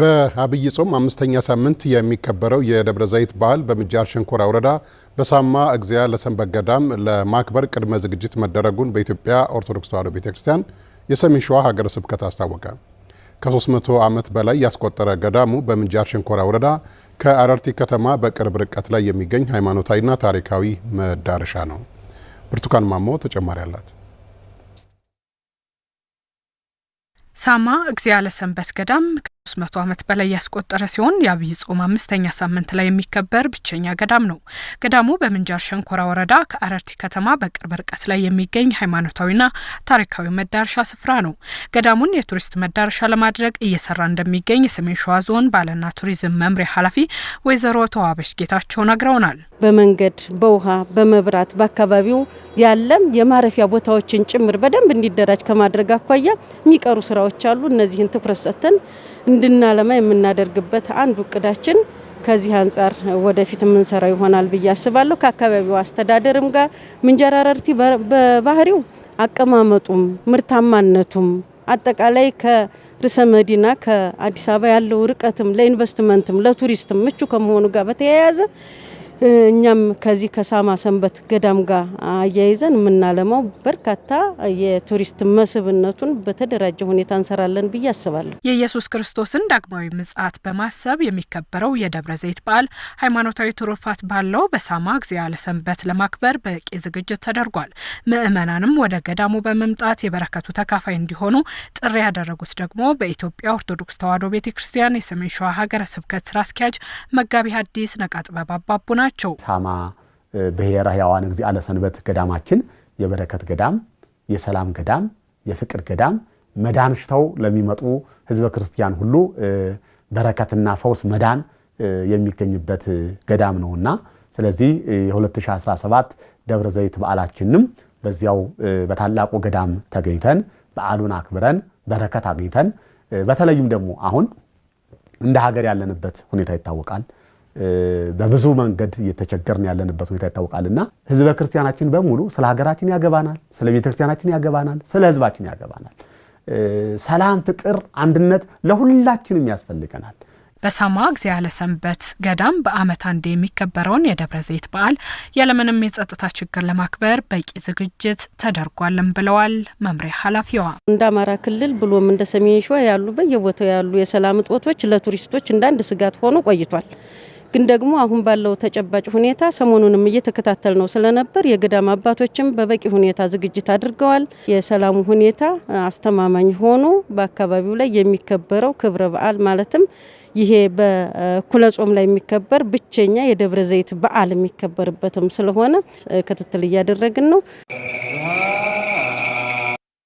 በአብይ ጾም አምስተኛ ሳምንት የሚከበረው የደብረ ዘይት በዓል በምጃር ሸንኮራ ወረዳ በሳማ እግዚያ ለሰንበት ገዳም ለማክበር ቅድመ ዝግጅት መደረጉን በኢትዮጵያ ኦርቶዶክስ ተዋሕዶ ቤተ ክርስቲያን የሰሜን ሸዋ ሀገረ ስብከት አስታወቀ። ከ300 ዓመት በላይ ያስቆጠረ ገዳሙ በምጃር ሸንኮራ ወረዳ ከአረርቲ ከተማ በቅርብ ርቀት ላይ የሚገኝ ሃይማኖታዊና ታሪካዊ መዳረሻ ነው። ብርቱካን ማሞ ተጨማሪ አላት። ሳማ እግዚያ ለሰንበት ገዳም ሶስት መቶ ዓመት በላይ ያስቆጠረ ሲሆን የአብይ ጾም አምስተኛ ሳምንት ላይ የሚከበር ብቸኛ ገዳም ነው። ገዳሙ በምንጃር ሸንኮራ ወረዳ ከአረርቲ ከተማ በቅርብ ርቀት ላይ የሚገኝ ሃይማኖታዊና ታሪካዊ መዳረሻ ስፍራ ነው። ገዳሙን የቱሪስት መዳረሻ ለማድረግ እየሰራ እንደሚገኝ የሰሜን ሸዋ ዞን ባለና ቱሪዝም መምሪያ ኃላፊ ወይዘሮ ተዋበሽ ጌታቸው ነግረውናል። በመንገድ በውሃ በመብራት በአካባቢው ያለም የማረፊያ ቦታዎችን ጭምር በደንብ እንዲደራጅ ከማድረግ አኳያ የሚቀሩ ስራዎች አሉ። እነዚህን ትኩረት ሰጥተን እንድናለማ የምናደርግበት አንዱ እቅዳችን ከዚህ አንጻር ወደፊት የምንሰራው ይሆናል ብዬ አስባለሁ። ከአካባቢው አስተዳደርም ጋር ምንጃር ሀረርቲ በባህሪው አቀማመጡም ምርታማነቱም አጠቃላይ ከርዕሰ መዲና ከአዲስ አበባ ያለው ርቀትም ለኢንቨስትመንትም ለቱሪስትም ምቹ ከመሆኑ ጋር በተያያዘ እኛም ከዚህ ከሳማ ሰንበት ገዳም ጋር አያይዘን የምናለማው በርካታ የቱሪስት መስህብነቱን በተደራጀ ሁኔታ እንሰራለን ብዬ አስባለሁ። የኢየሱስ ክርስቶስን ዳግማዊ ምጽአት በማሰብ የሚከበረው የደብረ ዘይት በዓል ሃይማኖታዊ ትሩፋት ባለው በሳማ እግዚአብሔር ሰንበት ለማክበር በቂ ዝግጅት ተደርጓል። ምእመናንም ወደ ገዳሙ በመምጣት የበረከቱ ተካፋይ እንዲሆኑ ጥሪ ያደረጉት ደግሞ በኢትዮጵያ ኦርቶዶክስ ተዋሕዶ ቤተ ክርስቲያን የሰሜን ሸዋ ሀገረ ስብከት ስራ አስኪያጅ መጋቢ ሐዲስ ነቃ ጥበብ አባቡና ናቸው። ሳማ ብሔረ ሕያዋን እግዚአነ ሰንበት ገዳማችን የበረከት ገዳም፣ የሰላም ገዳም፣ የፍቅር ገዳም መዳን ሽተው ለሚመጡ ህዝበ ክርስቲያን ሁሉ በረከትና ፈውስ መዳን የሚገኝበት ገዳም ነውና ስለዚህ የ2017 ደብረ ዘይት በዓላችንም በዚያው በታላቁ ገዳም ተገኝተን በዓሉን አክብረን በረከት አግኝተን በተለይም ደግሞ አሁን እንደ ሀገር ያለንበት ሁኔታ ይታወቃል። በብዙ መንገድ እየተቸገርን ያለንበት ሁኔታ ይታወቃል እና ህዝበ ክርስቲያናችን በሙሉ ስለ ሀገራችን ያገባናል፣ ስለ ቤተ ክርስቲያናችን ያገባናል፣ ስለ ህዝባችን ያገባናል። ሰላም፣ ፍቅር፣ አንድነት ለሁላችንም ያስፈልገናል። በሳማ ያለ ሰንበት ገዳም በአመት አንድ የሚከበረውን የደብረ ዘይት በዓል ያለምንም የጸጥታ ችግር ለማክበር በቂ ዝግጅት ተደርጓልም ብለዋል መምሪያ ኃላፊዋ። እንደ አማራ ክልል ብሎም እንደ ሰሜን ሸዋ ያሉ በየቦታው ያሉ የሰላም እጦቶች ለቱሪስቶች እንዳንድ ስጋት ሆኖ ቆይቷል። ግን ደግሞ አሁን ባለው ተጨባጭ ሁኔታ ሰሞኑንም እየተከታተል ነው ስለነበር የገዳም አባቶችም በበቂ ሁኔታ ዝግጅት አድርገዋል። የሰላሙ ሁኔታ አስተማማኝ ሆኖ በአካባቢው ላይ የሚከበረው ክብረ በዓል ማለትም ይሄ በእኩለ ጾም ላይ የሚከበር ብቸኛ የደብረ ዘይት በዓል የሚከበርበትም ስለሆነ ክትትል እያደረግን ነው።